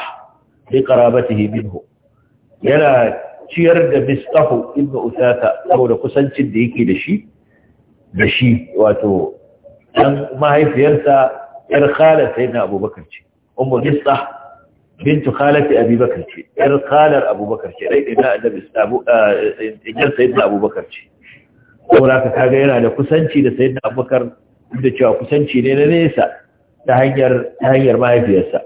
li qarabatihi yana ciyar da mistahu ibnu usata saboda kusancin da yake da shi dashi wato dan mahaifiyarsa yar khala sayyidina abubakar ce ummu mistah bintu khalati abubakar ce yar khalar abubakar ce dai idan annabi abu idan ah, sayyidina abubakar ce saboda ka kaga yana da kusanci da sayyidina abubakar da cewa kusanci ne na nesa ta hanyar ta hanyar mahaifiyarsa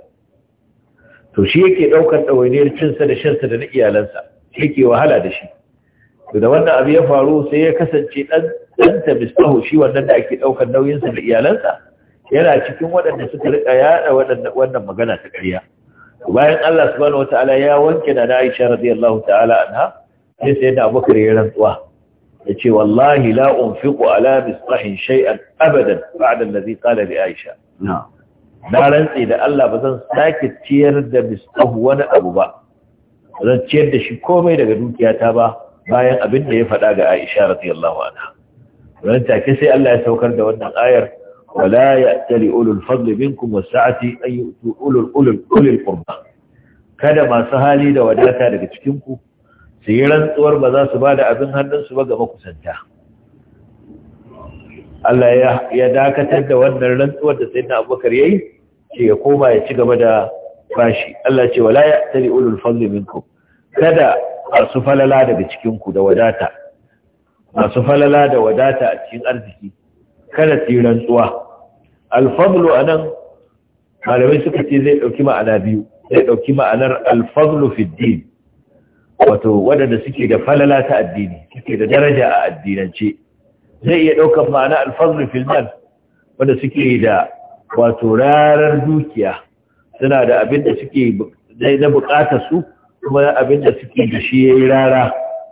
to shi yake daukar dawainiyar cinsa da shansa da na iyalansa yake wahala da shi to da wannan abu ya faru sai ya kasance dan danta mislahu shi wannan da ake daukar nauyinsa da iyalansa yana cikin waɗanda suka rika yada wannan magana ta ƙarya bayan Allah subhanahu wataala ya wanke da Aisha radiyallahu ta'ala anha sai sai da Abubakar ya rantsuwa yace wallahi la unfiqu ala misbahin shay'an abadan ba'da allazi qala li Aisha na rantsi da Allah ba zan sake ciyar da misbah wani abu ba zan ciyar da shi komai daga dukiyata ba bayan abin da ya faɗa ga Aisha radiyallahu anha ran take sai Allah ya saukar da wannan ayar ولا يأتل أولو الفضل منكم والسعة أن يؤتوا أولو أولو أولو القربى kada masu hali da wadata daga cikinku su yi rantsuwar ba za su ba da abin hannunsu ba ga makusanta Allah ya dakatar da wannan rantsuwar da sai na abubakar ya yi ke ya koma ya ci gaba da bashi Allah ce wala ya tari ulul fadli minkum kada masu falala daga cikinku da wadata masu falala da wadata a cikin arziki kada su yi rantsuwa alfadlu a nan malamai suka ce zai ɗauki ma'ana biyu zai ɗauki ma'anar alfablu fiddin wato waɗanda suke da falala ta addini suke da daraja a addinance zai iya ɗaukar ma'ana alfablu filman wanda suke da wato rarar dukiya suna da abin da suke na bukata su kuma abin da suke da shi ya yi rara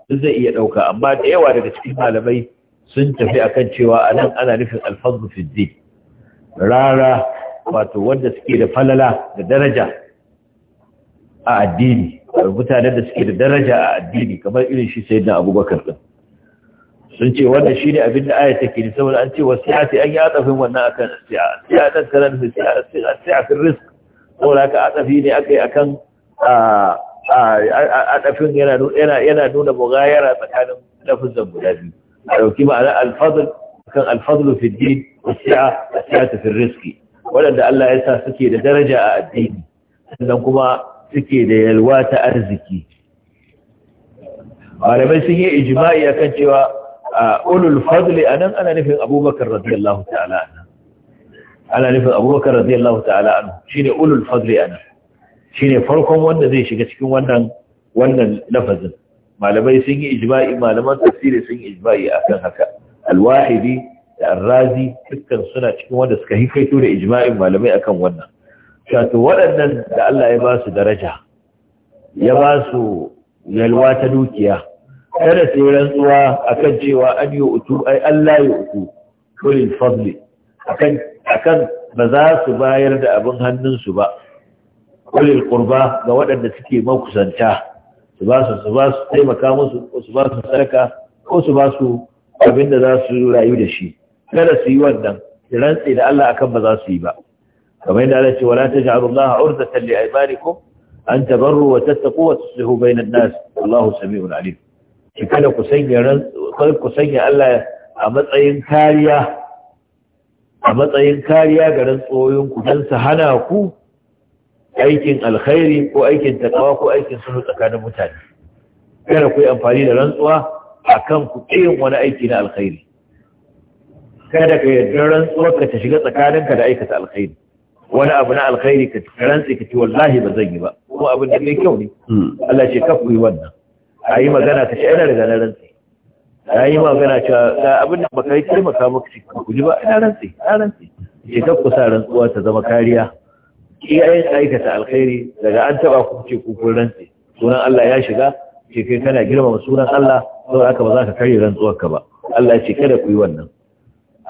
zai iya ɗauka amma da yawa daga cikin malamai sun tafi a kan cewa a nan ana nufin alfazu fiddi rara wato wanda suke da falala da daraja a addini mutanen da suke da daraja a addini kamar irin shi sayyidina abubakar din sun ce wanda shi ne abin da aya take ne saboda an ce sai an yi atsafin wannan akan siya siya dan karan siya siya fil risk saboda ka atsafi ne aka yi a kan yana nuna yana nuna mugayara tsakanin lafazan guda biyu a ɗauki ma'ana alfadl kan alfadlu fi din wasi'a wasi'atu fi rizqi waɗanda Allah ya sa suke da daraja a addini sannan kuma suke da yalwa ta arziki malamai sun yi ijma'i kan cewa a ulul fadli anan ana nufin Abubakar radiyallahu ta'ala anhu ana nufin Abubakar radiyallahu ta'ala anhu shine ulul fadli anan shine farkon wanda zai shiga cikin wannan wannan lafazin malamai sun yi ijma'i malaman tafsiri sun yi ijma'i akan haka alwahidi da arrazi dukkan suna cikin wanda suka hikaito da ijma'in malamai akan wannan shato waɗannan da Allah ya ba su daraja ya ba su yalwa ta dukiya kada su yi rantsuwa akan cewa an yi utu ai Allah ya utu kulil fadli akan akan ba za su bayar da abin hannunsu ba kulil qurba ga waɗanda suke makusanta su ba su su ba su taimaka musu ko su ba su sadaka ko su ba su abin da za su rayu da shi kada su yi wannan su rantse da Allah akan ba za su yi ba kamar yadda Allah ce wala taj'alu Allah urdatan li aymanikum an tabarru wa tattaqu wa tuslihu bainan nas Allahu samiu alim ki kada ku sanya ku sanya Allah a matsayin kariya a matsayin kariya ga rantsoyinku don su hana ku aikin alkhairi ko aikin takawa ko aikin sulhu tsakanin mutane kada ku yi amfani da rantsuwa akan ku kiyin wani aiki na alkhairi kada ka yarda rantsuwar ka ta shiga tsakaninka da aikata alkhairi wani abu na alkhairi ka rantsi ka ce wallahi ba zan yi ba kuma abin da mai kyau ne hmm. Allah ce kafu yi wannan a yi magana ka ce ina riga na rantsi a yi magana ce abin da baka yi taimaka maka ce ku ji ba ina rantsi ina rantsi ce kafu sa rantsuwa ta zama kariya ki aikata alkhairi daga an taba ku ce ku kun rantse sunan Allah ya shiga ce kai kana girmama sunan Allah saboda haka ba za ka karya rantsuwar ka ba Allah ce kada ku yi wannan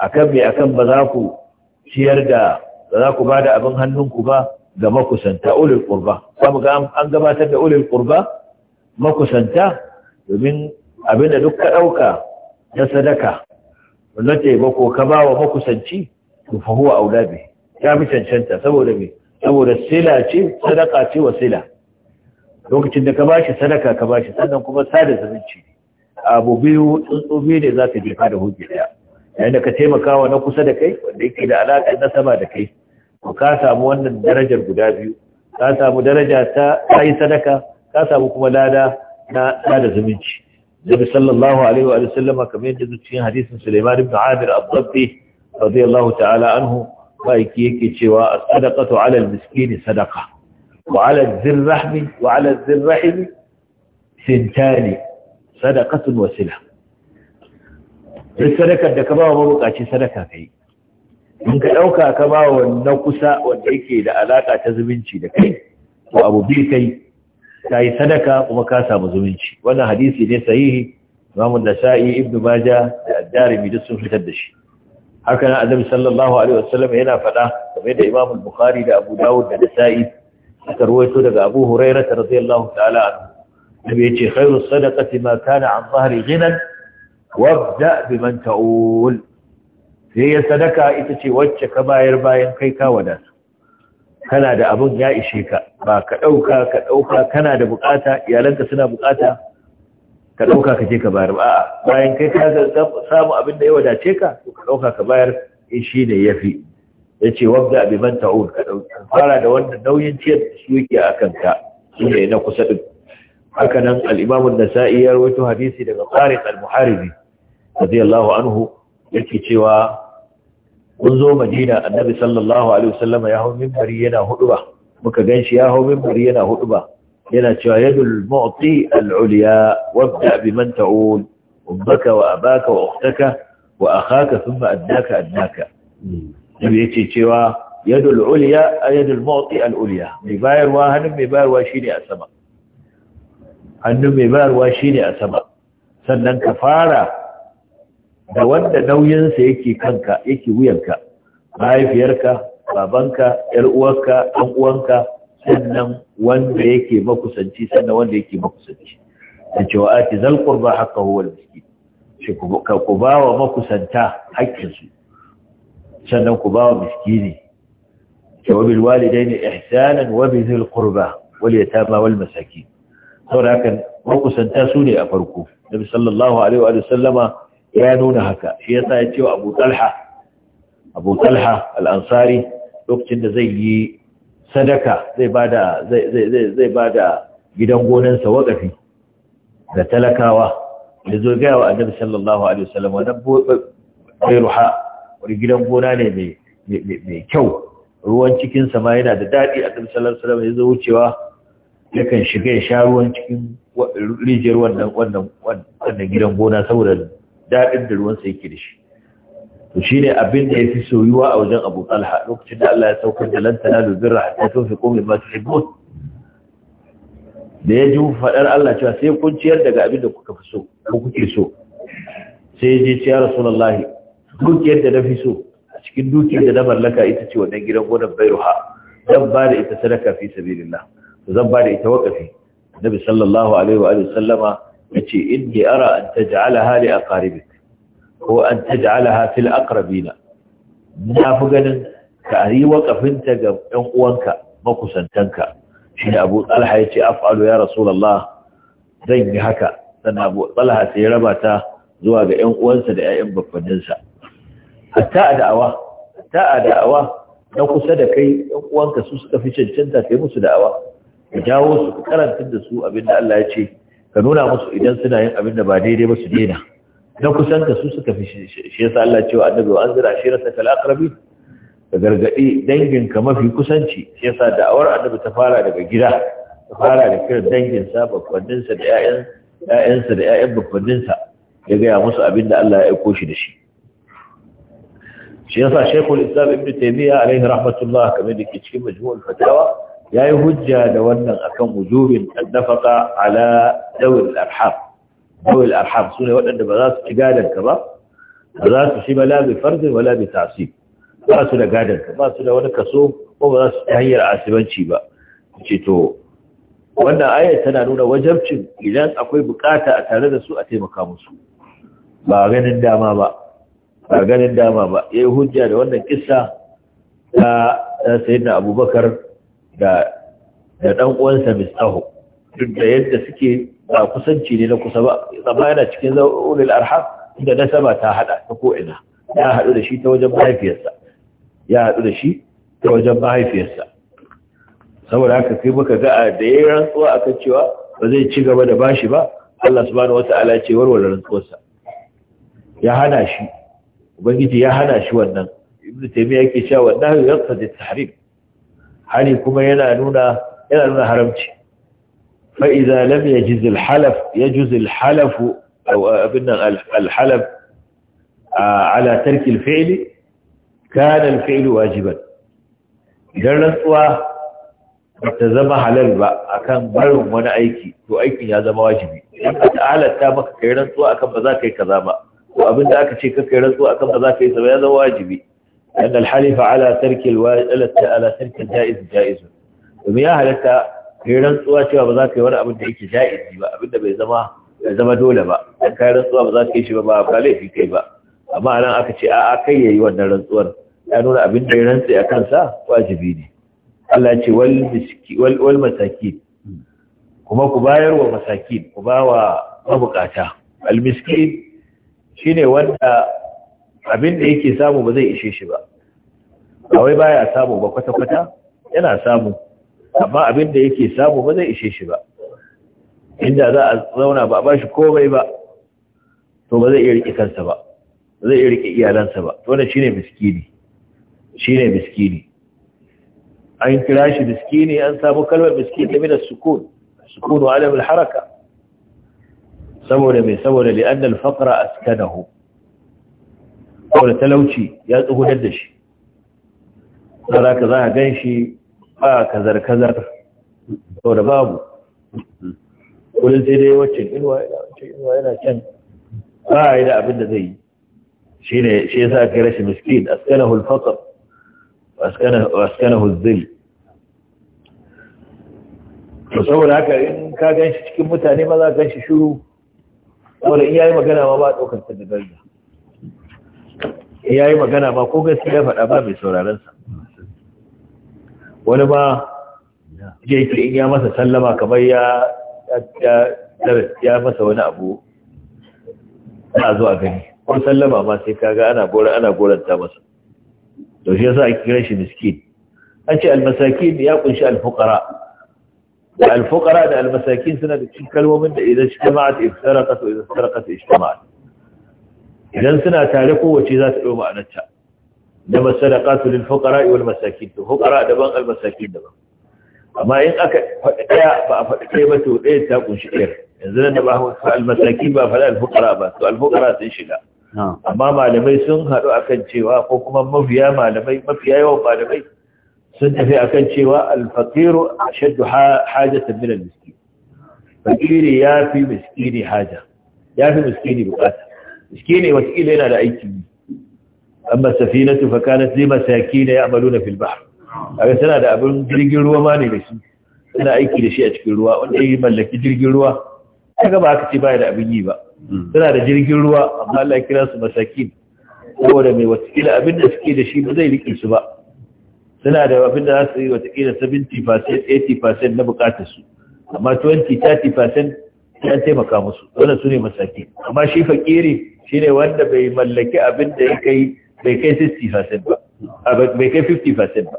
akan me akan ba za ku ciyar da ba za ku ba da abin hannunku ba ga makusanta ulul qurba kuma ga an gabatar da ulul qurba makusanta domin abin da duk ka dauka na sadaka wannan ce ko ka ba wa makusanci to fa huwa aulabi ya mi cancanta saboda me saboda sila ce sadaka ce wa sila. lokacin da ka bashi sadaka ka bashi sannan kuma sada zumunci abu biyu tsuntsumi ne za ka jefa da hujji daya yayin da ka taimaka wa na kusa da kai wanda yake da alaƙa na sama da kai to ka samu wannan darajar guda biyu ka samu daraja ta kai sadaka ka samu kuma lada na sada zumunci Nabi sallallahu alaihi wa sallama kamar yadda zuciyin hadisin Sulaiman ibn Amir Abdabbi radiyallahu ta'ala anhu ma'aiki yake cewa a ala al miskini sadaka wa al zirrahmi wa al zirrahimi sintani sadakatun wasila duk da ka ba wa bukaci sadaka kai. in ka ɗauka ka ba wa na kusa wanda yake da alaƙa ta zumunci da kai ko abu bi kai kai yi sadaka kuma ka samu zumunci wannan hadisi ne sahihi imamun nasa'i Ibn maja da addarimi duk sun fitar da shi haka na annabi sallallahu alaihi wasallam yana faɗa game da Imam Bukhari da Abu Dawud da Nasa'i aka ruwaito daga Abu Hurairah radiyallahu ta'ala anhu nabi yace khairu sadaqati ma kana an zahri ghinan wabda biman ta'ul sai ya sadaka ita ce wacce ka bayar bayan kai ka wadata kana da abun ya ishe ka ba ka dauka ka dauka kana da bukata iyalanka suna bukata ka ɗauka ka je ka bayar ba bayan kai ka samu abin da ya wadace ka to ka ɗauka ka bayar in eh, shi ne ya fi ya ce wanda abin man ta'un ka fara da wanda nauyin ciyar da shi yake a kanka shi ne na kusa ɗin haka nan al'imamun nasa'i ya wato hadisi daga tsarin al-muharibi radiyallahu anhu yake cewa kun zo madina annabi sallallahu alaihi wasallam ya hau minbari yana hudu ba muka ganshi ya hau mimbari yana hudu ba yana cewa yadul mu'ti al-ulya wabda biman ta'ul ummaka wa abaka wa ukhtaka wa akhaka thumma addaka adaka nabi yace cewa yadul ulya yadul mu'ti al mai bayarwa hannun mai bayarwa shine a sama hannun mai bayarwa shine a sama sannan ka fara da wanda nauyinsa yake kanka yake wuyanka mahaifiyarka babanka yar uwarka ɗan uwanka sannan wanda yake makusanci sannan wanda yake makusanci da wa ake zal qurba haka wal miskin shi ku ba wa makusanta haƙƙinsu sannan ku ba wa miskini cewa bil walidaini ihsanan wa bi kurba qurba wal yatama wal masakin saboda haka makusanta su ne a farko nabi sallallahu alaihi wa sallama ya nuna haka shi yasa ya ce wa Abu Talha Abu Talha al lokacin da zai yi sadaka zai bada zai zai zai bada gidan gonansa wakafi da talakawa da zo ga wa annabi sallallahu alaihi wasallam wannan ruha wani gidan gona ne mai kyau ruwan cikin sa ma yana da dadi annabi sallallahu alaihi wasallam ya zo wucewa yakan shiga ya sha ruwan cikin rijiyar wannan wannan wannan gidan gona saboda dadin da ruwan sa yake da shi to shine abin da yafi soyuwa a wajen Abu Talha lokacin da Allah ya saukar da lan tanalu birra hatta komai masu tuhibbun da ya ji fadar Allah cewa sai kun ciyar daga abin da kuka fi so ko kuke so sai ya je ciya Rasulullahi dukiyar da na fi so a cikin dukiyar da na mallaka ita ce wannan gidan gonar Bairuha zan ba da ita sadaka fi sabilillah zan ba da ita wakafi Nabi sallallahu alaihi wa sallama yace inni ara an taj'alaha li aqaribik ko an taj'alaha fil aqrabina na fi ganin ka yi wakafinta ga ɗan uwanka makusantanka shi ne abu talha ya af'alu ya rasulallah zan yi haka sannan abu talha sai ya raba ta zuwa ga ‘yan uwansa da ‘ya'yan babbanninsa hatta a da'awa hatta a da'awa na kusa da kai ‘yan uwanka su suka fi cancanta kai musu da'awa ka jawo su ka karanta da su abin da Allah ya ce ka nuna musu idan suna yin abin da ba daidai ba su daina na kusan da su suka fi shi yasa Allah cewa annabi wa anzira ashirata kal aqrabi ka gargadi dangin ka mafi kusanci shi yasa da'awar annabi ta fara daga gida ta fara da kiran dangin sa babbannin sa da ƴaƴan ƴaƴan sa da ƴaƴan babbannin sa ya ga musu abin da Allah ya aiko shi da shi shi yasa Sheikhul Islam Ibn Taymiyyah Alayhi rahmatullah kamar da ke cikin majmu'ul fatawa yayi hujja da wannan akan wujubin an nafaka ala dawil arham dawil arham sune ne waɗanda ba za su ci ka ba ba za su shi ba la bi farzin wala bi tasib ba su da ka, ba su da wani kaso ko ba za su ci hanyar asibanci ba ce to wannan ayar tana nuna wajabcin idan akwai bukata a tare da su a taimaka musu ba ganin dama ba ba ganin dama ba yayi hujja da wannan kissa ta sayyidina Abubakar da da dan uwansa Misahu duk da yadda suke ba kusanci ne na kusa ba zama yana cikin zaunil arham inda na sama ta hada ta ko'ina ya haɗu da shi ta wajen mahaifiyarsa ya haɗu da shi ta wajen mahaifiyarsa saboda haka kai muka ga da ya rantsuwa kan cewa ba zai ci gaba da bashi ba Allah bani wata ala ce warware rantsuwarsa ya hana shi ubangiji ya hana shi wannan Ibn taymiya yake cewa wannan yaqtadi tahrim hali kuma yana nuna yana nuna haramci fa idza lam yajiz abin al halaf ala tarki al fi'l wajiban idan rantsuwa ta zama halal ba akan barin wani aiki to aikin ya zama wajibi idan ka maka kai rantsuwa akan ba za ka yi ko abin da aka ce ka kai rantsuwa akan ba za ya zama wajibi domin ya kai rantsuwa cewa ba za ka yi wani abin da yake ja'izi ba abin da bai zama zama dole ba dan kai rantsuwa ba za ka yi shi ba ba ka laifi kai ba amma nan aka ce a'a kai ya yi wannan rantsuwar ya nuna abin da ya rantse a kansa wajibi ne Allah ce wal miski wal wal kuma ku bayar wa masakin ku ba wa mabukata al shi shine wanda abin da yake samu ba zai ishe shi ba Kawai baya samu ba kwata kwata yana samu amma abin da yake samu ba zai ishe shi ba inda za a zauna ba a ba shi komai ba to ba zai iya riƙe kansa ba ba zai iya riƙe iyalansa ba to wannan shine miskini shine miskini an kira shi miskini an samu kalmar miskini ta as-sukun sukun wa alamul haraka saboda mai saboda li anna al-faqra askanahu saboda talauci ya tsuhudar da shi saboda ka za a gan shi ba kazar-kazar sau da babu kudin sai dai wacce inuwa yana waccan inuwa yana can ba a yi da abin da zai yi shi ne shi ya sa kai rashin miskin askanahul a askanahul zil to saboda haka in ka gan shi cikin mutane ma za ka gan shi shuru saboda in yayi magana ma ba ɗaukar ta da garga in yayi magana ma ko gaskiya faɗa ba mai sauraron sa wani ma je ki ya masa sallama kamar ya ya masa wani abu ana zuwa gani ko sallama ma sai kaga ana gora ana goranta masa to shi yasa ake kira shi miskin an ce almasakin ya kunshi alfuqara da alfuqara da almasakin suna da cikin kalmomin da idan ijtama'at iftaraqat wa idan iftaraqat ijtama'at idan suna tare kowace za ta dauka ma'anarta da masadaqatu lil fuqara wal masakin to fuqara daban al masakin daban amma in aka faɗi ɗaya ba a faɗi ɗaya ba to ɗaya ta kunshi ɗaya yanzu nan da ba al masakin ba faɗi al fuqara ba to al fuqara sun shiga amma malamai sun haɗu akan cewa ko kuma mafiya malamai mafiya yawan malamai sun tafi akan cewa alfaqiru ashaddu hajatan min almiskin fakiri yafi miskini haja yafi miskini bukata miskini wata yana da aiki amma safinatu fa kanat li masakin ya'maluna fil bahr kaga tana da abin jirgin ruwa ma ne da shi tana aiki da shi a cikin ruwa wanda yake mallaki jirgin ruwa kaga ba aka ce baya da abin yi ba tana da jirgin ruwa amma Allah ya kira su masakin saboda mai watakila abin da suke da shi ba zai rike su ba suna da abin da za su yi watakila 70% 80% na bukatar su amma 20 30% ya taimaka musu wannan su ne masakin. amma shi fakiri shi ne wanda bai mallaki abin da ya kai bai kai 60% ba ah, bai kai 50% ba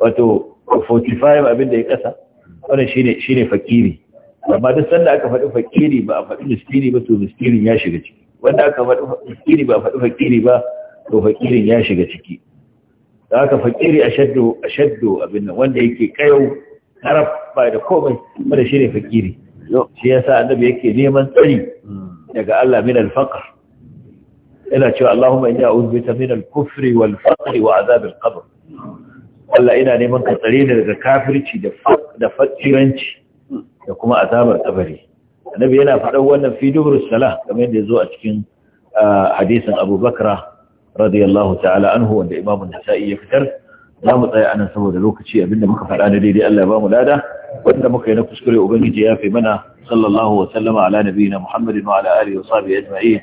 wato 45 abinda ya kasa wannan shine shine fakiri amma duk sanda aka faɗi fakiri ba a faɗi miskini ba to miskinin ya shiga ciki wanda aka faɗi fakiri ba a faɗi fakiri ba to fakirin ya shiga ciki da aka fakiri a shaddo abin nan wanda yake kayau karab ba da komai wanda shine fakiri shi yasa annabi yake neman tsari daga Allah min al-faqr Ina cewa Allahumma inni a'udhu bika min al-kufri wal faqr wa adhab al-qabr Allah ina neman ka tsare ni daga kafirci da da fakiranci da kuma azabar kabari annabi yana faɗan wannan fi dubur salah kamar yadda yazo a cikin hadisin Abu Bakr radiyallahu ta'ala anhu wanda Imam Nasa'i ya fitar za mu tsaya anan saboda lokaci abinda muka faɗa na daidai Allah ya ba mu lada wanda muka yi na kuskure ubangiji ya fi mana sallallahu wa sallama ala nabiyina Muhammadin wa ala alihi wa sahbihi ajma'in